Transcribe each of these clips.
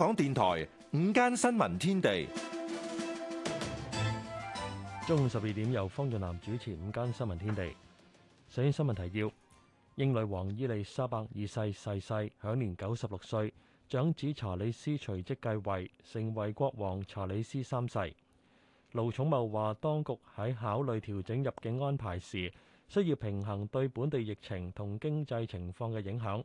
香港電台午間新聞天地，中午十二點由方俊南主持《午間新聞天地》。首先新聞提要：英女王伊麗莎白二世逝世，享年九十六歲，長子查理斯隨即繼位，成為國王查理斯三世。盧寵茂話，當局喺考慮調整入境安排時，需要平衡對本地疫情同經濟情況嘅影響。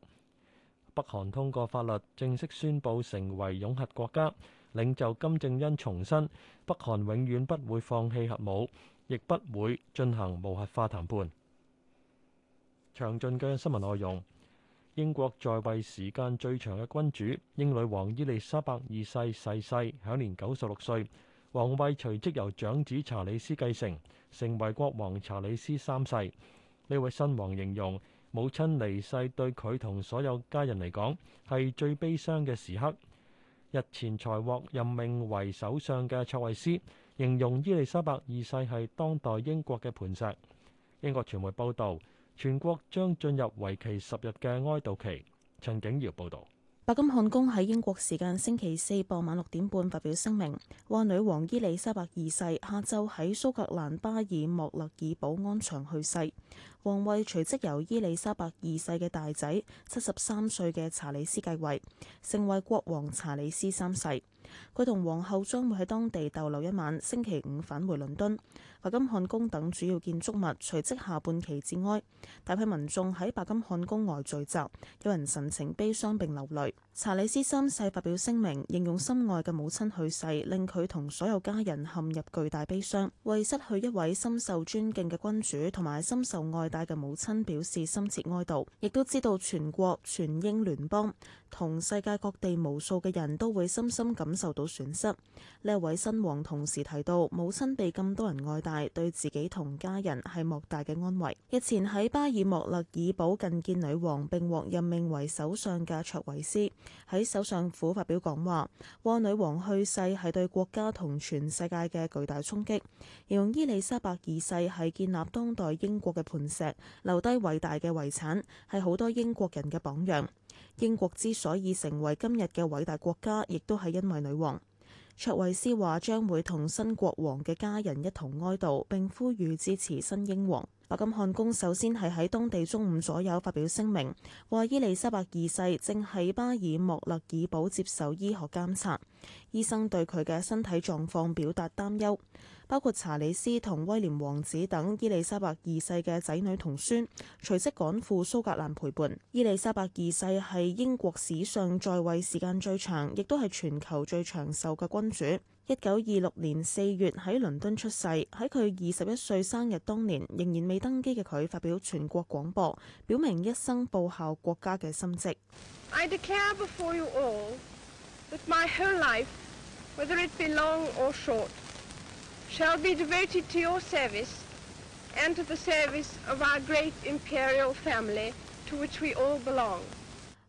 北韓通過法律正式宣佈成為擁核國家。領袖金正恩重申，北韓永遠不會放棄核武，亦不會進行無核化談判。詳盡嘅新聞內容。英國在位時間最長嘅君主英女王伊麗莎白二世逝世，世，享年九十六歲。王位隨即由長子查理斯繼承，成為國王查理斯三世。呢位新王形容，母親離世對佢同所有家人嚟講係最悲傷嘅時刻。日前才獲任命為首相嘅卓慧思形容伊麗莎白二世係當代英國嘅磐石。英國傳媒報道，全國將進入為期十日嘅哀悼期。陳景瑤報導。白金漢宮喺英國時間星期四傍晚六點半發表聲明，話女王伊麗莎白二世下晝喺蘇格蘭巴爾莫勒爾堡安詳去世，王位隨即由伊麗莎白二世嘅大仔七十三歲嘅查理斯繼位，成為國王查理斯三世。佢同皇后將會喺當地逗留一晚，星期五返回倫敦。白金漢宮等主要建築物隨即下半旗致哀，大批民眾喺白金漢宮外聚集，有人神情悲傷並流淚。查理斯三世發表聲明，形容心愛嘅母親去世，令佢同所有家人陷入巨大悲傷，為失去一位深受尊敬嘅君主同埋深受愛戴嘅母親表示深切哀悼。亦都知道全國、全英聯邦同世界各地無數嘅人都會深深感受到損失。呢一位新王同時提到，母親被咁多人愛戴，對自己同家人係莫大嘅安慰。日前喺巴爾莫勒爾堡覲見女王並獲任命為首相嘅卓維斯喺首相府發表講話，話女王去世係對國家同全世界嘅巨大衝擊，形容伊麗莎白二世係建立當代英國嘅磐石，留低偉大嘅遺產，係好多英國人嘅榜樣。英國之所以成為今日嘅偉大國家，亦都係因為女王。卓慧思話將會同新國王嘅家人一同哀悼，並呼籲支持新英王。白金漢宮首先係喺當地中午左右發表聲明，話伊麗莎白二世正喺巴爾莫勒爾堡接受醫學監察，醫生對佢嘅身體狀況表達擔憂，包括查理斯同威廉王子等伊麗莎白二世嘅仔女同孫，隨即趕赴蘇格蘭陪伴。伊麗莎白二世係英國史上在位時間最長，亦都係全球最長壽嘅君主。一九二六年四月喺倫敦出世，喺佢二十一歲生日當年仍然未登基嘅佢，發表全國廣播，表明一生報效國家嘅心迹。I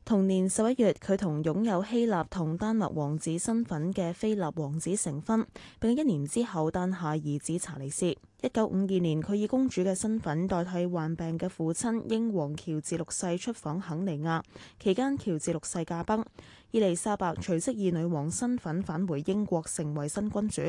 同年十一月，佢同擁有希臘同丹麥王子身份嘅菲臘王子成婚，並一年之後誕下兒子查理斯。一九五二年，佢以公主嘅身份代替患病嘅父親英皇喬治六世出訪肯尼亞，期間喬治六世駕崩，伊麗莎白隨即以女王身份返回英國，成為新君主。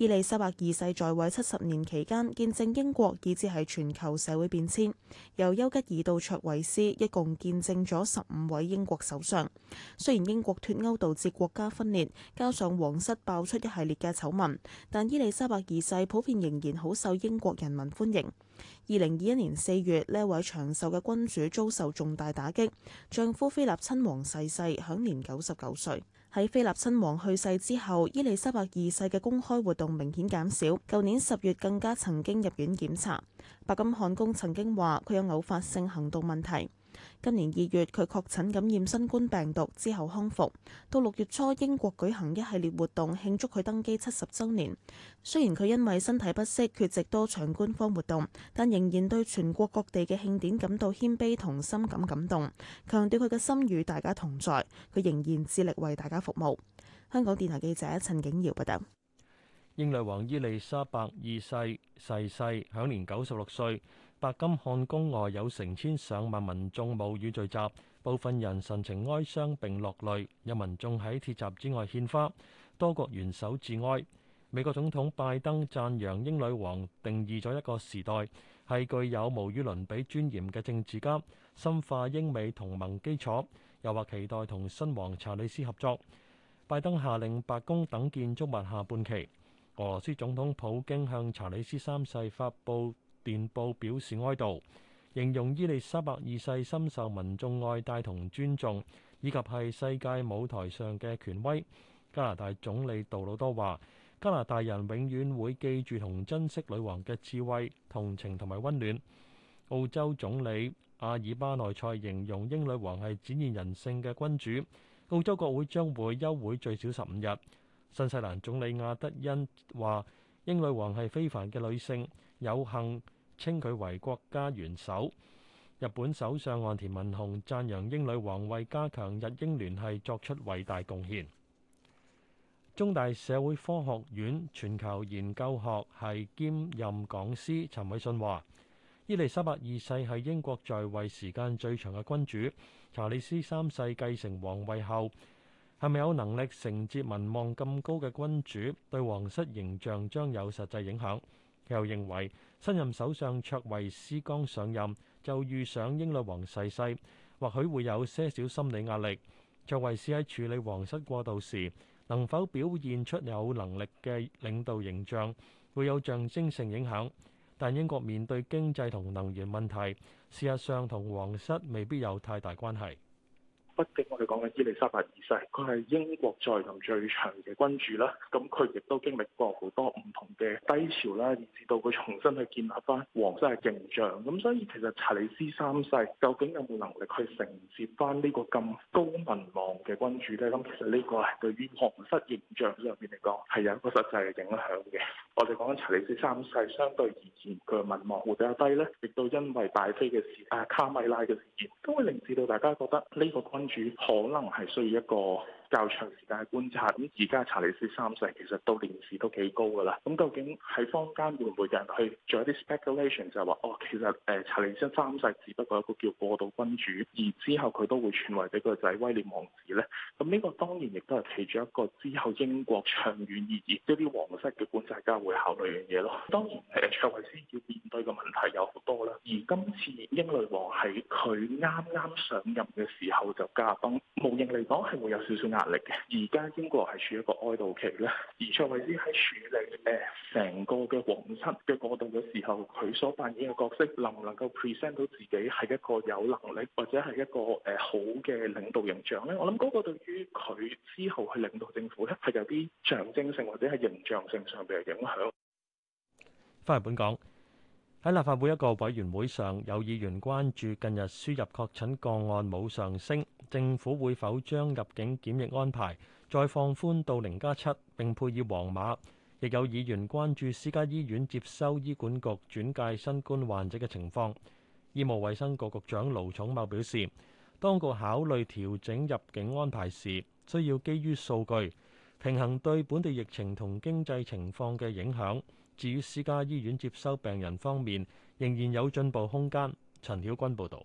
伊莉莎白二世在位七十年期間，見證英國以至係全球社會變遷，由丘吉爾到卓維斯，一共見證咗十五位英國首相。雖然英國脱歐導致國家分裂，加上皇室爆出一系列嘅醜聞，但伊莉莎白二世普遍仍然好受英國人民歡迎。二零二一年四月，呢位長壽嘅君主遭受重大打擊，丈夫菲立親王逝世，世，享年九十九歲。喺菲立親王去世之後，伊莉莎白二世嘅公開活動明顯減少。舊年十月更加曾經入院檢查，白金漢宮曾經話佢有偶發性行動問題。今年二月，佢確診感染新冠病毒之後康復，到六月初，英國舉行一系列活動慶祝佢登基七十週年。雖然佢因為身體不適缺席多場官方活動，但仍然對全國各地嘅慶典感到謙卑同深感感動，強調佢嘅心與大家同在，佢仍然致力為大家服務。香港電台記者陳景堯報道。英女王伊麗莎白二世逝世，世，享年九十六歲。白金漢宮外有成千上萬民眾冒雨聚集，部分人神情哀傷並落淚，有民眾喺鐵閘之外獻花，多國元首致哀。美國總統拜登讚揚英女王，定義咗一個時代，係具有無與倫比尊嚴嘅政治家，深化英美同盟基礎，又話期待同新王查理斯合作。拜登下令白宮等建築物下半旗。俄羅斯總統普京向查理斯三世發佈電報表示哀悼，形容伊麗莎白二世深受民眾愛戴同尊重，以及係世界舞台上嘅權威。加拿大總理杜魯多話，加拿大人永遠會記住同珍惜女王嘅智慧、同情同埋溫暖。澳洲總理阿爾巴內塞形容英女王係展現人性嘅君主。澳洲國會將會休會最少十五日。新西蘭總理阿德恩話，英女王係非凡嘅女性，有幸稱佢為國家元首。日本首相岸田文雄讚揚英女王為加強日英聯繫作出偉大貢獻。中大社會科學院全球研究學系兼任講師陳偉信話：伊麗莎白二世係英國在位時間最長嘅君主。查理斯三世繼承王位後，係咪有能力承接民望咁高嘅君主，對皇室形象將有實際影響。佢又認為新任首相卓慧思剛上任，就遇上英女王逝世，或許會有些少心理壓力。卓慧思喺處理皇室過渡時，能否表現出有能力嘅領導形象，會有象徵性影響。但英國面對經濟同能源問題，事實上同皇室未必有太大關係。畢竟我哋講緊伊利沙伯二世，佢係英國在任最長嘅君主啦。咁佢亦都經歷過好多唔同嘅低潮啦，以至到佢重新去建立翻皇室嘅形象。咁所以其實查理斯三世究竟有冇能力去承接翻呢個咁高民望嘅君主咧？咁其實呢個係對於皇室形象上面嚟講係有一個實際嘅影響嘅。我哋講緊查理斯三世相對而言佢嘅民望會比較低咧，亦都因為戴妃嘅事啊、卡米拉嘅事件，都會令至到大家覺得呢個君。可能係需要一個。較長時間嘅觀察，咁而家查理斯三世其實到年事都幾高噶啦。咁究竟喺坊間會唔會有人去做一啲 speculation，就係話哦，其實誒查理斯三世只不過一個叫過渡君主，而之後佢都會傳位俾個仔威廉王子呢？咁呢個當然亦都係其中一個之後英國長遠而言，一啲皇室嘅觀察家會考慮嘅嘢咯。當然誒，查理斯要面對嘅問題有好多啦。而今次英女王喺佢啱啱上任嘅時候就加崩。無形嚟講係會有少少壓力嘅。而家英國係處一個哀悼期咧，而卓慧思喺處理誒成個嘅皇室嘅過渡嘅時候，佢所扮演嘅角色，能唔能夠 present 到自己係一個有能力或者係一個誒好嘅領導形象咧？我諗嗰個對於佢之後去領導政府咧，係有啲象徵性或者係形象性上嘅影響。翻嚟本港。喺立法會一個委員會上，有議員關注近日輸入確診個案冇上升，政府會否將入境檢疫安排再放寬到零加七？7，並配以黃碼。亦有議員關注私家醫院接收醫管局轉介新冠患者嘅情況。醫務衛生局局長盧寵茂表示，當局考慮調整入境安排時，需要基於數據，平衡對本地疫情同經濟情況嘅影響。至於私家醫院接收病人方面，仍然有進步空間。陳曉君報導。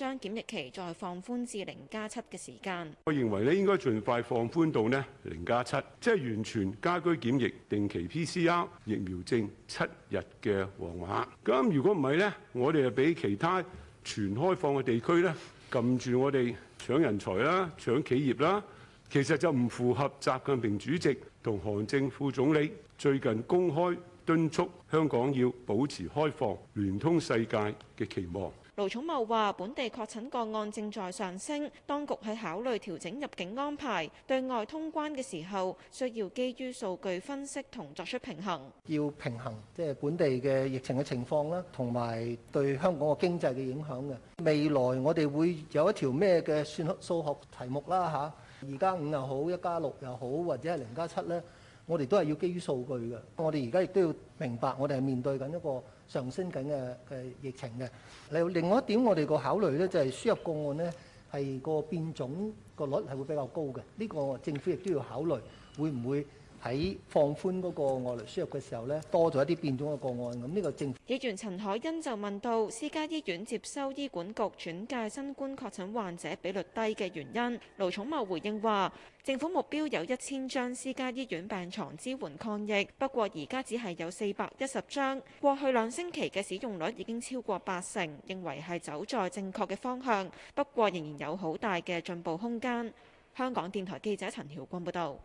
將檢疫期再放寬至零加七嘅時間，我認為咧應該盡快放寬到咧零加七，即係完全家居檢疫、定期 PCR 疫苗證七日嘅黃碼。咁如果唔係呢，我哋就俾其他全開放嘅地區呢，撳住我哋搶人才啦、搶企業啦，其實就唔符合習近平主席同韓正副總理最近公開敦促香港要保持開放、聯通世界嘅期望。盧寵茂話：本地確診個案正在上升，當局喺考慮調整入境安排，對外通關嘅時候需要基於數據分析同作出平衡。要平衡，即係本地嘅疫情嘅情況啦，同埋對香港嘅經濟嘅影響嘅。未來我哋會有一條咩嘅算數學題目啦？吓，二加五又好，一加六又好，或者係零加七咧，我哋都係要基於數據嘅。我哋而家亦都要明白，我哋係面對緊一個。上升緊嘅嘅疫情嘅，另外，另外一點，我哋個考慮咧，就係輸入個案咧係個變種個率係會比較高嘅。呢個政府亦都要考慮會唔會？喺放寬嗰個外來輸入嘅時候呢，多咗一啲變種嘅個案。咁呢個政……議員陳凱欣就問到私家醫院接收醫管局轉介新冠確診患者比率低嘅原因。盧寵茂回應話：政府目標有一千張私家醫院病床支援抗疫，不過而家只係有四百一十張。過去兩星期嘅使用率已經超過八成，認為係走在正確嘅方向，不過仍然有好大嘅進步空間。香港電台記者陳曉君報導。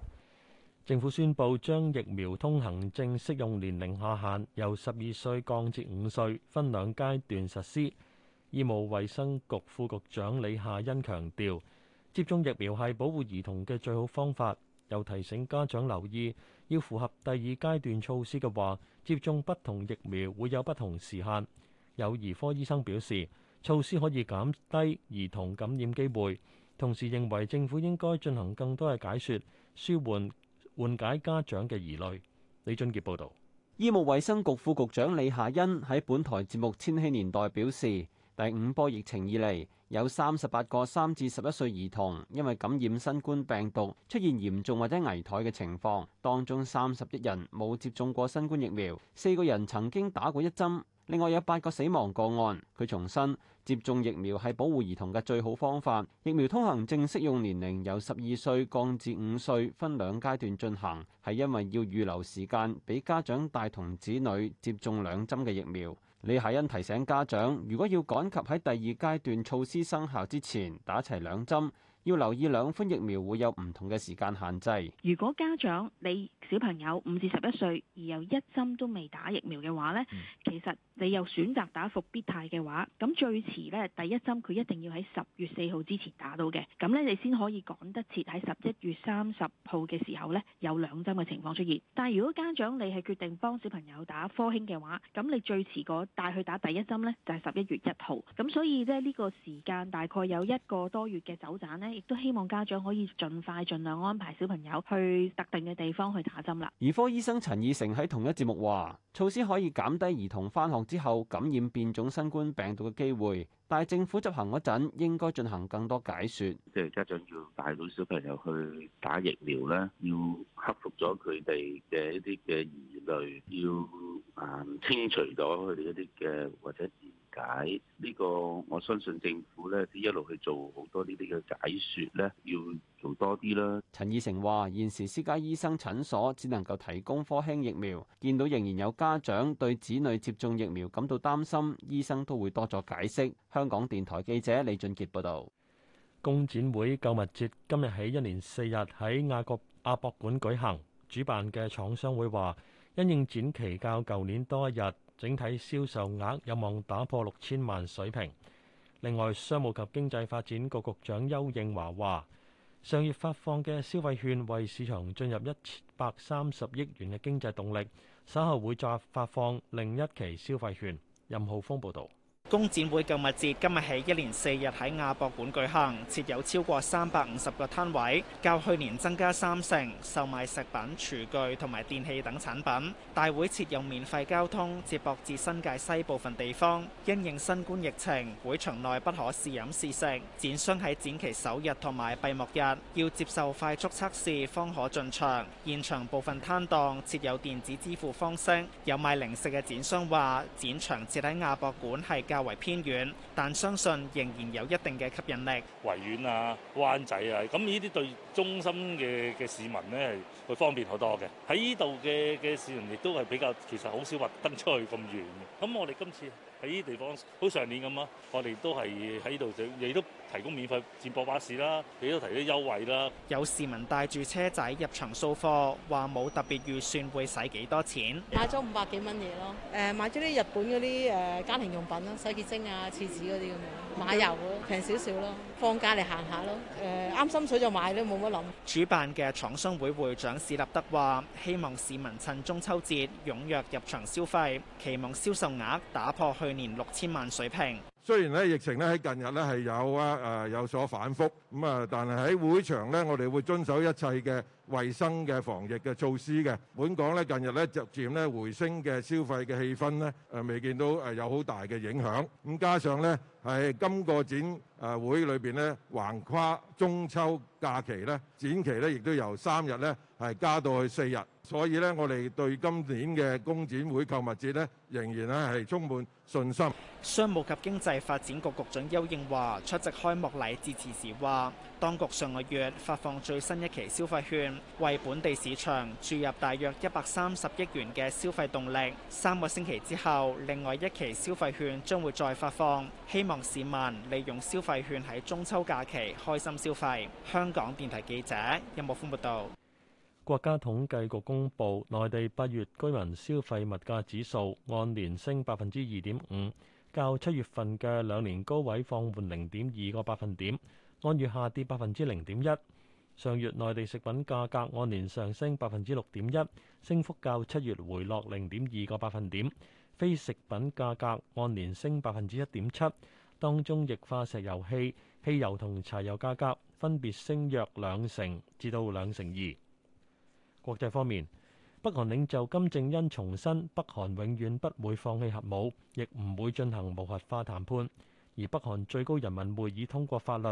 政府宣布，將疫苗通行證適用年齡下限由十二歲降至五歲分兩階段實施。醫務衛生局副局長李夏欣強調，接種疫苗係保護兒童嘅最好方法。又提醒家長留意，要符合第二階段措施嘅話，接種不同疫苗會有不同時限。有兒科醫生表示，措施可以減低兒童感染機會，同時認為政府應該進行更多嘅解說，舒緩。緩解家長嘅疑慮。李俊傑報導。醫務衛生局副局長李夏茵喺本台節目《千禧年代》表示，第五波疫情以嚟有三十八個三至十一歲兒童因為感染新冠病毒出現嚴重或者危殆嘅情況，當中三十一人冇接種過新冠疫苗，四個人曾經打過一針。另外有八個死亡個案。佢重申，接種疫苗係保護兒童嘅最好方法。疫苗通行證適用年齡由十二歲降至五歲，分兩階段進行，係因為要預留時間俾家長帶同子女接種兩針嘅疫苗。李夏恩提醒家長，如果要趕及喺第二階段措施生效之前打齊兩針。要留意兩款疫苗會有唔同嘅時間限制。如果，嗯、如果家長你小朋友五至十一歲而有一針都未打疫苗嘅話呢，其實你又選擇打復必泰嘅話，咁最遲呢，第一針佢一定要喺十月四號之前打到嘅，咁呢你先可以趕得切喺十一月三十號嘅時候呢，有兩針嘅情況出現。但係如果家長你係決定幫小朋友打科興嘅話，咁你最遲個帶去打第一針呢，就係十一月一號。咁所以呢，呢、呢個時間大概有一個多月嘅走盞呢。亦都希望家長可以盡快、儘量安排小朋友去特定嘅地方去打針啦。兒科醫生陳義成喺同一節目話，措施可以減低兒童返學之後感染變種新冠病毒嘅機會，但係政府執行嗰陣應該進行更多解説。即係家長要帶到小朋友去打疫苗咧，要克服咗佢哋嘅一啲嘅疑慮，要清除咗佢哋一啲嘅或者。解呢個，我相信政府咧，佢一路去做好多呢啲嘅解説咧，要做多啲啦。陳以誠話現時私家醫生診所只能夠提供科興疫苗，見到仍然有家長對子女接種疫苗感到擔心，醫生都會多作解釋。香港電台記者李俊杰報道。工展會購物節今日喺一連四日喺亞國亞博館舉行，主辦嘅廠商會話，因應展期較舊年多一日。整體銷售額有望打破六千萬水平。另外，商務及經濟發展局局長邱應華話，上月發放嘅消費券為市場進入一百三十億元嘅經濟動力，稍後會再發放另一期消費券。任浩峰報導。工展會購物節今日起一連四日喺亞博館舉行，設有超過三百五十個攤位，較去年增加三成，售賣食品、廚具同埋電器等產品。大會設有免費交通，接駁至新界西部分地方。因應新冠疫情，會場內不可試飲試食。展商喺展期首日同埋閉幕日要接受快速測試方可進場。現場部分攤檔設有電子支付方式。有賣零食嘅展商話，展場設喺亞博館係較。為偏遠，但相信仍然有一定嘅吸引力。維園啊，灣仔啊，咁呢啲對中心嘅嘅市民咧，會方便好多嘅。喺呢度嘅嘅市民亦都係比較，其實好少話登出去咁遠嘅。咁我哋今次喺呢啲地方，好上年咁啊，我哋都係喺度，就亦都。提供免費接駁巴士啦，幾多提啲優惠啦。有市民帶住車仔入場掃貨，話冇特別預算，會使幾多錢？買咗五百幾蚊嘢咯，誒買咗啲日本嗰啲誒家庭用品啦，洗潔精啊、廁紙嗰啲咁樣，買油咯，平少少咯，放假嚟行下咯，誒啱心水就買，都冇乜諗。主辦嘅廠商會會長史立德話：希望市民趁中秋節踴躍入場消費，期望銷售額打破去年六千萬水平。雖然咧疫情咧喺近日咧係有啊、呃、有所反覆，但係喺會場咧，我哋會遵守一切嘅衞生嘅防疫嘅措施嘅。本港咧近日咧逐漸回升嘅消費嘅氣氛咧誒未見到有好大嘅影響，加上呢，係今個展誒會裏邊咧橫跨中秋假期咧展期咧亦都由三日咧係加到去四日。所以呢，我哋對今年嘅工展會購物節呢，仍然呢係充滿信心。商務及經濟發展局局長邱應華出席開幕禮致辭時話，當局上個月發放最新一期消費券，為本地市場注入大約一百三十億元嘅消費動力。三個星期之後，另外一期消費券將會再發放，希望市民利用消費券喺中秋假期開心消費。香港電台記者任木風報道。國家統計局公布，內地八月居民消費物價指數按年升百分之二點五，較七月份嘅兩年高位放緩零點二個百分點，按月下跌百分之零點一。上月內地食品價格按年上升百分之六點一，升幅較七月回落零點二個百分點。非食品價格按年升百分之一點七，當中液化石油氣、汽油同柴油價格分別升約兩成至到兩成二。國際方面，北韓領袖金正恩重申，北韓永遠不會放棄核武，亦唔會進行無核化談判。而北韓最高人民會議通過法律，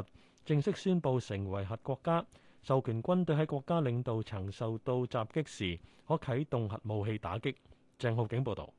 正式宣布成為核國家，授權軍隊喺國家領導層受到襲擊時，可啟動核武器打擊。鄭浩景報道。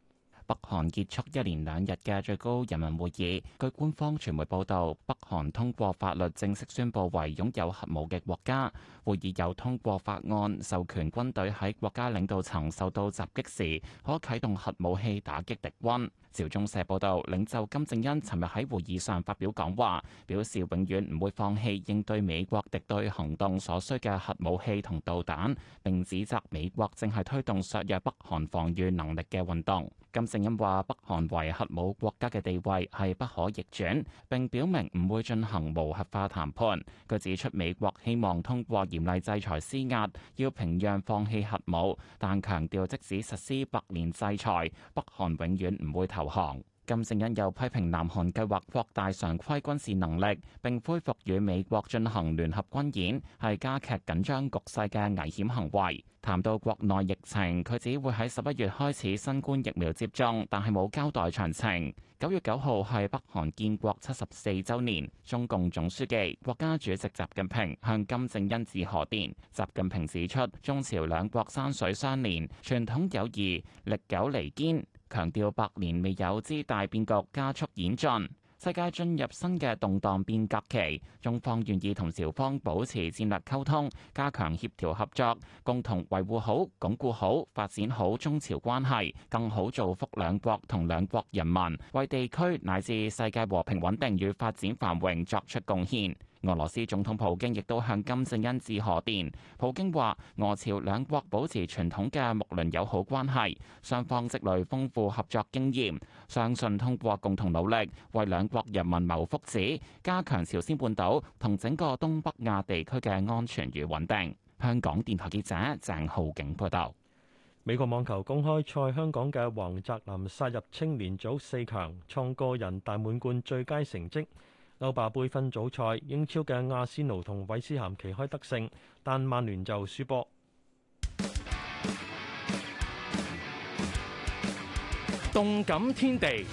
北韓結束一連兩日嘅最高人民會議，據官方傳媒報道，北韓通過法律正式宣布為擁有核武嘅國家。會議又通過法案，授權軍隊喺國家領導層受到襲擊時，可啟動核武器打擊敵軍。朝中社報道，領袖金正恩尋日喺會議上發表講話，表示永遠唔會放棄應對美國敵對行動所需嘅核武器同導彈，並指責美國正係推動削弱北韓防禦能力嘅運動，金正恩話北韓為核武國家嘅地位係不可逆轉，並表明唔會進行無核化談判。佢指出，美國希望通過嚴厲制裁施壓要平壤放棄核武，但強調即使實施百年制裁，北韓永遠唔會投行。金正恩又批評南韓計劃擴大常規軍事能力，並恢復與美國進行聯合軍演，係加劇緊張局勢嘅危險行為。談到國內疫情，佢只會喺十一月開始新冠疫苗接種，但係冇交代詳情。九月九號係北韓建國七十四週年，中共總書記、國家主席習近平向金正恩致賀電。習近平指出，中朝兩國山水相連，傳統友誼歷久彌堅。強調百年未有之大變局加速演進，世界進入新嘅動盪變革期。中方願意同朝方保持戰略溝通，加強協調合作，共同維護好、鞏固好、發展好中朝關係，更好造福兩國同兩國人民，為地區乃至世界和平穩定與發展繁榮作出貢獻。俄羅斯總統普京亦都向金正恩致賀電。普京話：俄朝兩國保持傳統嘅睦鄰友好關係，雙方積累豐富合作經驗，相信通過共同努力，為兩國人民謀福祉，加強朝鮮半島同整個東北亞地區嘅安全與穩定。香港電台記者鄭浩景報道。美國網球公開賽香港嘅黃澤林殺入青年組四強，創個人大滿貫最佳成績。歐霸盃分組賽，英超嘅阿仙奴同韋斯咸旗開得勝，但曼聯就輸波。動感天地，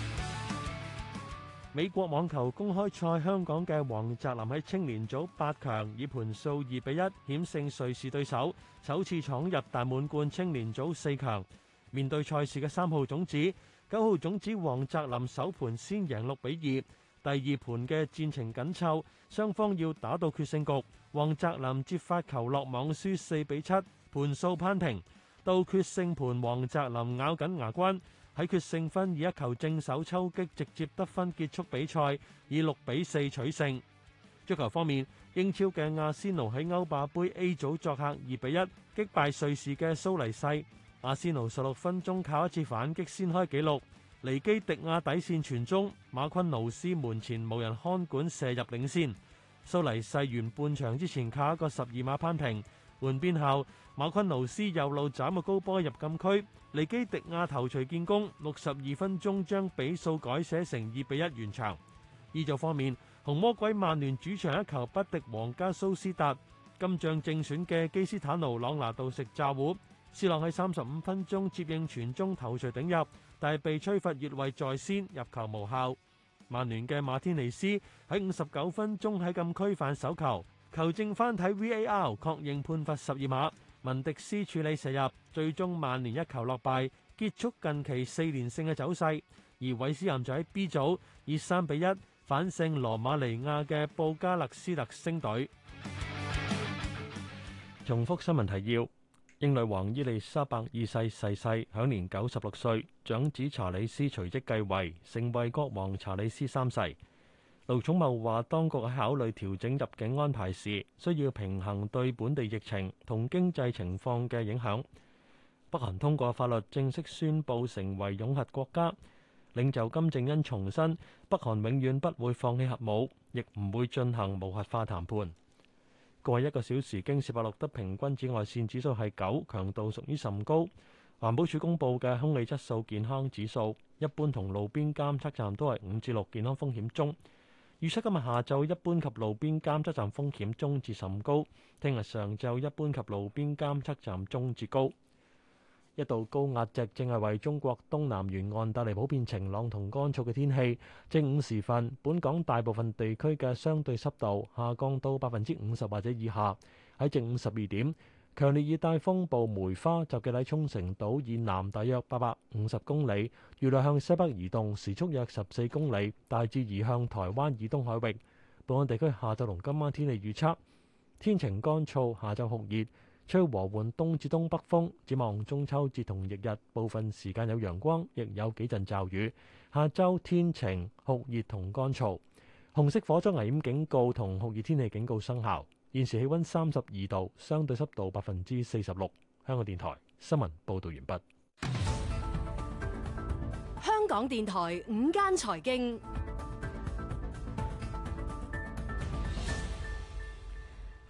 美國網球公開賽，香港嘅黃澤林喺青年組八強以盤數二比一險勝瑞士對手，首次闖入大滿貫青年組四強。面對賽事嘅三號種子、九號種子黃澤林，首盤先贏六比二。第二盤嘅戰情緊湊，雙方要打到決勝局。王澤林接發球落網，輸四比七，盤數攀平。到決勝盤，王澤林咬緊牙關，喺決勝分以一球正手抽擊直接得分，結束比賽，以六比四取勝。足球方面，英超嘅阿仙奴喺歐霸杯 A 組作客二比一擊敗瑞士嘅蘇黎世。阿仙奴十六分鐘靠一次反擊先開紀錄。尼基迪亞底線傳中，馬昆勞斯門前無人看管，射入領先。蘇黎世完半場之前靠一個十二碼扳平。換邊後，馬昆勞斯右路斬個高波入禁區，尼基迪亞頭槌建功。六十二分鐘將比數改寫成二比一完場。意造方面，紅魔鬼曼聯主場一球不敵皇家蘇斯達。今仗正選嘅基斯坦奴朗拿度食詐糊，斯朗喺三十五分鐘接應傳中頭槌頂入。但係被吹罰越位在先，入球無效。曼聯嘅馬天尼斯喺五十九分鐘喺禁區犯手球，球證翻睇 V A R 確認判罰十二碼。文迪斯處理射入，最終曼聯一球落敗，結束近期四連勝嘅走勢。而韋斯咸就喺 B 組以三比一反勝羅馬尼亞嘅布加勒斯特星隊。重複新聞提要。英女王伊利莎白二世逝世，世，享年九十六歲，長子查理斯隨即繼位，成為國王查理斯三世。盧寵茂話，當局喺考慮調整入境安排時，需要平衡對本地疫情同經濟情況嘅影響，北韓通過法律正式宣布成為擁核國家。領袖金正恩重申，北韓永遠不會放棄核武，亦唔會進行無核化談判。過去一個小時，京士柏錄得平均紫外線指數係九，強度屬於甚高。環保署公布嘅空氣質素健康指數，一般同路邊監測站都係五至六，健康風險中。預測今日下晝一般及路邊監測站風險中至甚高，聽日上晝一般及路邊監測站中至高。一道高壓脊正係為中國東南沿岸帶嚟普遍晴朗同乾燥嘅天氣。正午時分，本港大部分地區嘅相對濕度下降到百分之五十或者以下。喺正午十二點，強烈熱帶風暴梅花集結喺沖繩島以南大約八百五十公里，預料向西北移動，時速約十四公里，大致移向台灣以東海域。本港地區下晝同今晚天氣預測：天晴乾燥，下晝酷熱。吹和緩東至東北風，展望中秋節同翌日部分時間有陽光，亦有幾陣驟雨。下周天晴酷熱同乾燥，紅色火災危險警告同酷熱天氣警告生效。現時氣溫三十二度，相對濕度百分之四十六。香港電台新聞報道完畢。香港電台午間財經。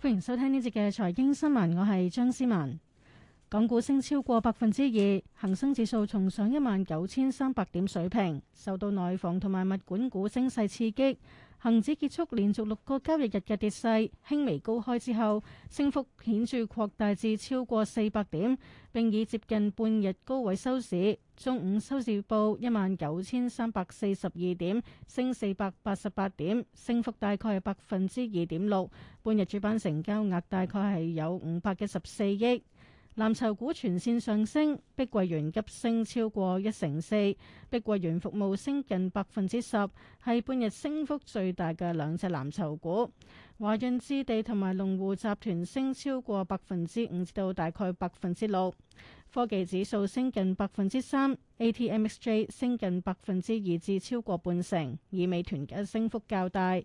歡迎收聽呢節嘅財經新聞，我係張思文。港股升超過百分之二，恆生指數重上一萬九千三百點水平，受到內房同埋物管股升勢刺激。恒指結束連續六個交易日嘅跌勢，輕微高開之後，升幅顯著擴大至超過四百點，並以接近半日高位收市。中午收市報一萬九千三百四十二點，升四百八十八點，升幅大概係百分之二點六。半日主板成交額大概係有五百一十四億。藍籌股全線上升，碧桂園急升超過一成四，碧桂園服務升近百分之十，係半日升幅最大嘅兩隻藍籌股。華潤置地同埋龍湖集團升超過百分之五至到大概百分之六，科技指數升近百分之三，ATMXJ 升近百分之二至超過半成，以美團嘅升幅較大。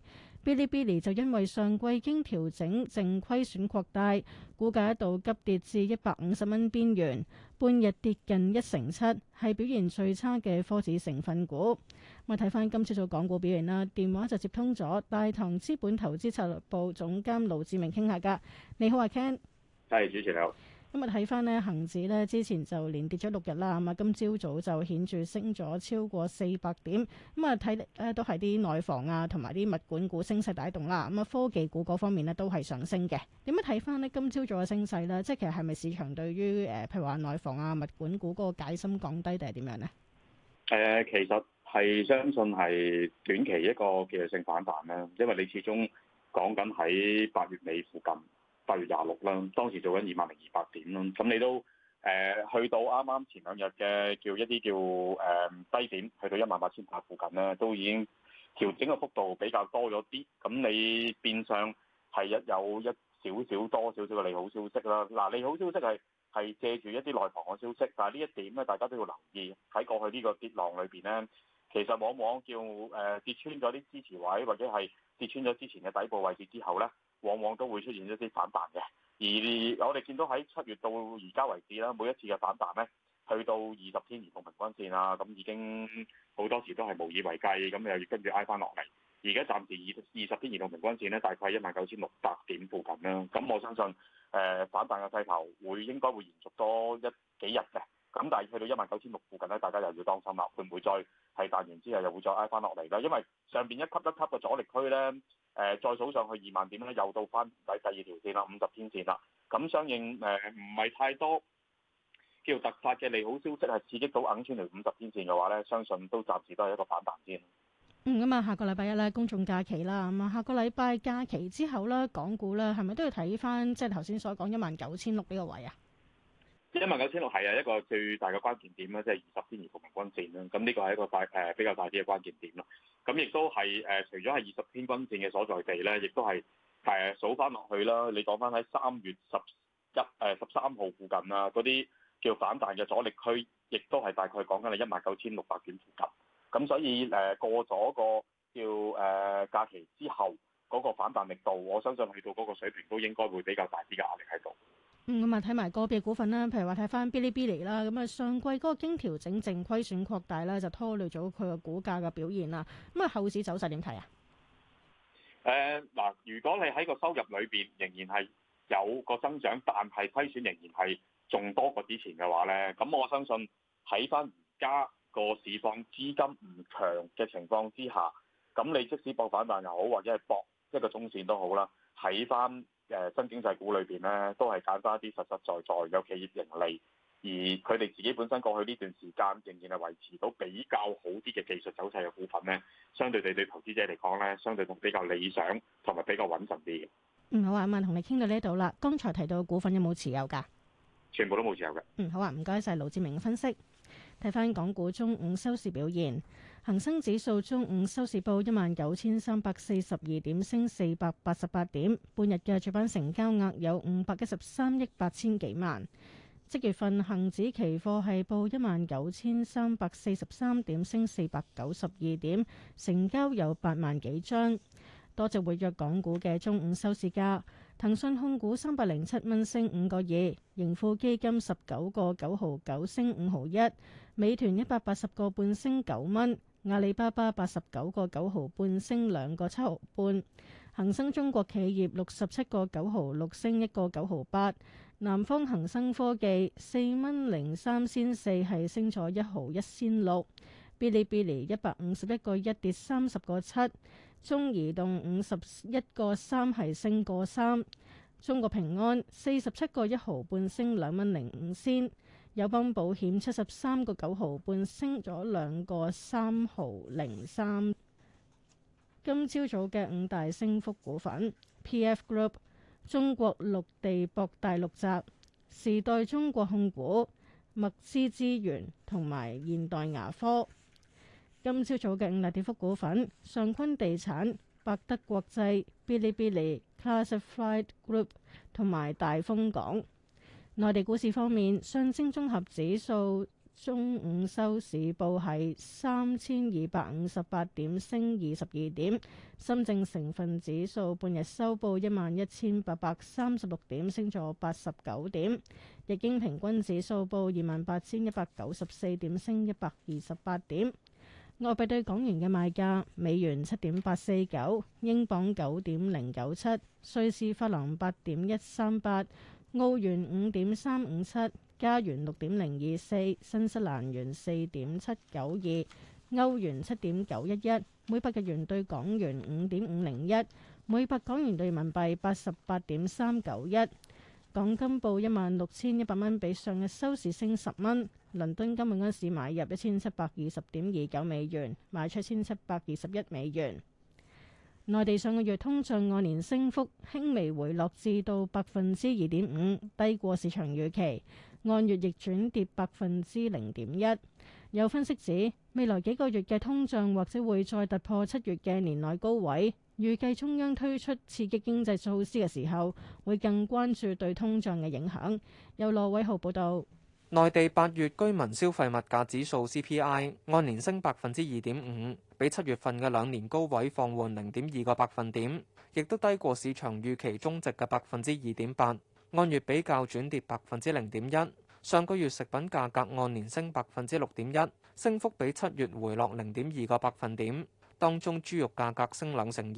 嗶哩嗶哩就因為上季經調整淨虧損擴大，股價一度急跌至一百五十蚊邊緣，半日跌近一成七，係表現最差嘅科指成分股。咁啊，睇翻今朝早港股表現啦。電話就接通咗大唐資本投資策略部總監盧志明傾下㗎。你好啊，Ken。係，主持你好。咁啊，睇翻咧恒指咧，之前就連跌咗六日啦，咁啊，今朝早就顯著升咗超過四百點。咁啊，睇誒都係啲內房啊、同埋啲物管股升勢帶動啦。咁啊，科技股嗰方面咧都係上升嘅。點樣睇翻呢？今朝早嘅升勢咧，即係其實係咪市場對於誒譬如話內房啊、物管股嗰個戒心降低定係點樣咧？誒，其實係相信係短期一個技術性反彈啦，因為你始終講緊喺八月尾附近。八月廿六啦，當時做緊二萬零二百點啦，咁你都誒、呃、去到啱啱前兩日嘅叫一啲叫誒低點，去到一萬八千八附近呢，都已經調整嘅幅度比較多咗啲，咁你變相係一有一少少多少少嘅利好消息啦。嗱，利好消息係係借住一啲內房嘅消息，但係呢一點咧，大家都要留意喺過去呢個跌浪裏邊咧，其實往往叫誒、呃、跌穿咗啲支持位，或者係跌穿咗之前嘅底部位置之後咧。往往都會出現一啲反彈嘅，而我哋見到喺七月到而家為止啦，每一次嘅反彈呢，去到二十天移動平均線啦，咁已經好多時都係無以為繼，咁又要跟住挨翻落嚟。而家暫時二二十天移動平均線呢，大概係一萬九千六百點附近啦。咁我相信誒、呃、反彈嘅勢頭會應該會延續多一幾日嘅。咁但係去到一萬九千六附近呢，大家又要當心啦，會唔會再係彈完之後又會再挨翻落嚟咧？因為上邊一級一級嘅阻力區呢。誒、呃、再數上去二萬點咧，又到翻第第二條線啦，五十天線啦。咁相應誒唔係太多叫突發嘅利好消息係刺激到硬穿嚟五十天線嘅話咧，相信都暫時都係一個反彈先、嗯。嗯，咁啊，下個禮拜一咧，公眾假期啦，咁、嗯、啊下個禮拜假期之後咧，港股咧係咪都要睇翻即係頭先所講一萬九千六呢個位啊？一萬九千六係啊，嗯、9, 一個最大嘅關鍵點啦，即係二十天移動平均線啦。咁呢個係一個快誒、呃、比較快啲嘅關鍵點咯。咁亦都係誒、呃，除咗係二十天均線嘅所在地咧，亦都係誒、呃、數翻落去啦。你講翻喺三月十一誒十三號附近啦，嗰啲叫反彈嘅阻力區，亦都係大概講緊係一萬九千六百點附近。咁所以誒、呃、過咗個叫誒、呃、假期之後，嗰、那個反彈力度，我相信去到嗰個水平都應該會比較大啲嘅壓力喺度。嗯，咁啊，睇埋個別股份啦，譬如話睇翻 Bilibili 啦，咁啊上季嗰個經調整淨虧損擴大啦，就拖累咗佢個股價嘅表現啦。咁啊後市走勢點睇啊？誒嗱、呃，如果你喺個收入裏邊仍然係有個增長，但係虧損仍然係仲多過之前嘅話咧，咁我相信喺翻而家個市況資金唔強嘅情況之下，咁你即使博反彈又好，或者係博一個中線都好啦，喺翻。誒，新經濟股裏邊咧，都係揀翻一啲實實在在有企業盈利，而佢哋自己本身過去呢段時間仍然係維持到比較好啲嘅技術走勢嘅股份呢，相對地對投資者嚟講呢，相對比較理想同埋比較穩陣啲嘅。嗯，好啊，阿文同你傾到呢度啦。剛才提到股份有冇持有噶？全部都冇持有嘅。嗯，好啊，唔該晒盧志明嘅分析。睇翻港股中午收市表現。恒生指數中午收市報一萬九千三百四十二點，升四百八十八點。半日嘅主板成交額有五百一十三億八千幾萬。即月份恒指期貨係報一萬九千三百四十三點，升四百九十二點，成交有八萬幾張。多隻活躍港股嘅中午收市價，騰訊控股三百零七蚊升五個二，盈富基金十九個九毫九升五毫一，美團一百八十個半升九蚊。阿里巴巴八十九個九毫半升兩個七毫半，恒生中國企業六十七個九毫六升一個九毫八，南方恒生科技四蚊零三仙四係升咗一毫一仙六，嗶哩嗶哩一百五十一個一跌三十個七，中移動五十一個三係升個三，中國平安四十七個一毫半升兩蚊零五仙。友邦保險七十三個九毫半，95，升咗兩個三毫零三。今朝早嘅五大升幅股份：P.F.Group、PF Group、中國陸地博、大陸集、時代中國控股、麥資資源同埋現代牙科。今朝早嘅五大跌幅股份：上坤地產、百德國際、Bilibili、Classified Group 同埋大豐港。內地股市方面，上證綜合指數中午收市報係三千二百五十八點，升二十二點。深證成分指數半日收報一萬一千八百三十六點，升咗八十九點。日經平均指數報二萬八千一百九十四點，升一百二十八點。外幣對港元嘅賣價：美元七點八四九，英鎊九點零九七，瑞士法郎八點一三八。澳元五點三五七，加元六點零二四，新西蘭元四點七九二，歐元七點九一一，每百日元兌港元五點五零一，每百港元兌人民幣八十八點三九一。港金報一萬六千一百蚊，比上日收市升十蚊。倫敦金每盎司買入一千七百二十點二九美元，賣出一千七百二十一美元。內地上個月通脹按年升幅輕微回落至到百分之二點五，低過市場預期。按月亦轉跌百分之零點一。有分析指，未來幾個月嘅通脹或者會再突破七月嘅年內高位。預計中央推出刺激經濟措施嘅時候，會更關注對通脹嘅影響。由羅偉浩報道。內地八月居民消費物價指數 CPI 按年升百分之二點五，比七月份嘅兩年高位放緩零點二個百分點，亦都低過市場預期中值嘅百分之二點八。按月比較轉跌百分之零點一。上個月食品價格按年升百分之六點一，升幅比七月回落零點二個百分點。當中豬肉價格升兩成二，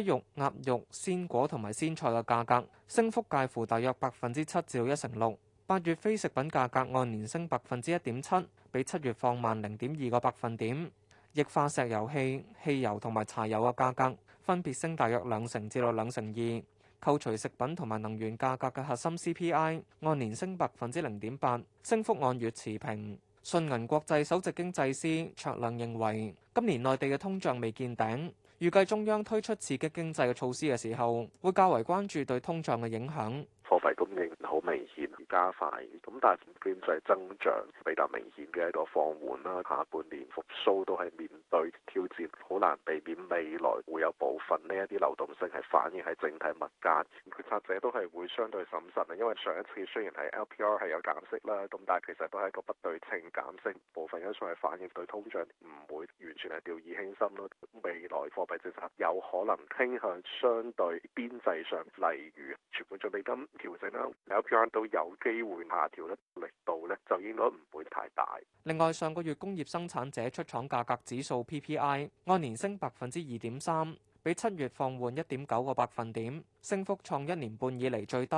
雞肉、鴨肉、鮮果同埋鮮菜嘅價格升幅介乎大約百分之七至一成六。八月非食品價格按年升百分之一點七，比七月放慢零點二個百分點。液化石油氣、汽油同埋柴油嘅價格分別升大約兩成至到兩成二。扣除食品同埋能源價格嘅核心 CPI 按年升百分之零點八，升幅按月持平。信銀國際首席經濟師卓亮認為，今年內地嘅通脹未見頂，預計中央推出刺激經濟嘅措施嘅時候，會較為關注對通脹嘅影響。貨幣供應好明顯加快，咁但係經濟增長比較明顯嘅一個放緩啦。下半年復甦都係面對挑戰，好難避免未來會有部分呢一啲流動性係反映喺整體物價。決策者都係會相對審慎，因為上一次雖然係 LPR 係有減息啦，咁但係其實都係一個不對稱減息，部分因素係反映對通脹唔會完全係掉以輕心咯。未來貨幣政策有可能傾向相對邊際上，例如存款準備金調整咧，兩票咧都有機會下調力度呢，就應該唔會太大。另外，上個月工業生產者出廠價格指數 PPI 按年升百分之二點三，比七月放緩一點九個百分點，升幅創一年半以嚟最低，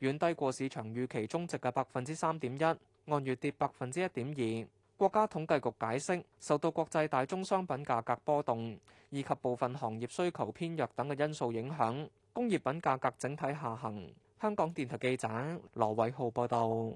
遠低過市場預期中值嘅百分之三點一，按月跌百分之一點二。國家統計局解釋，受到國際大宗商品價格波動以及部分行業需求偏弱等嘅因素影響，工業品價格整體下行。香港電台記者羅偉浩報道。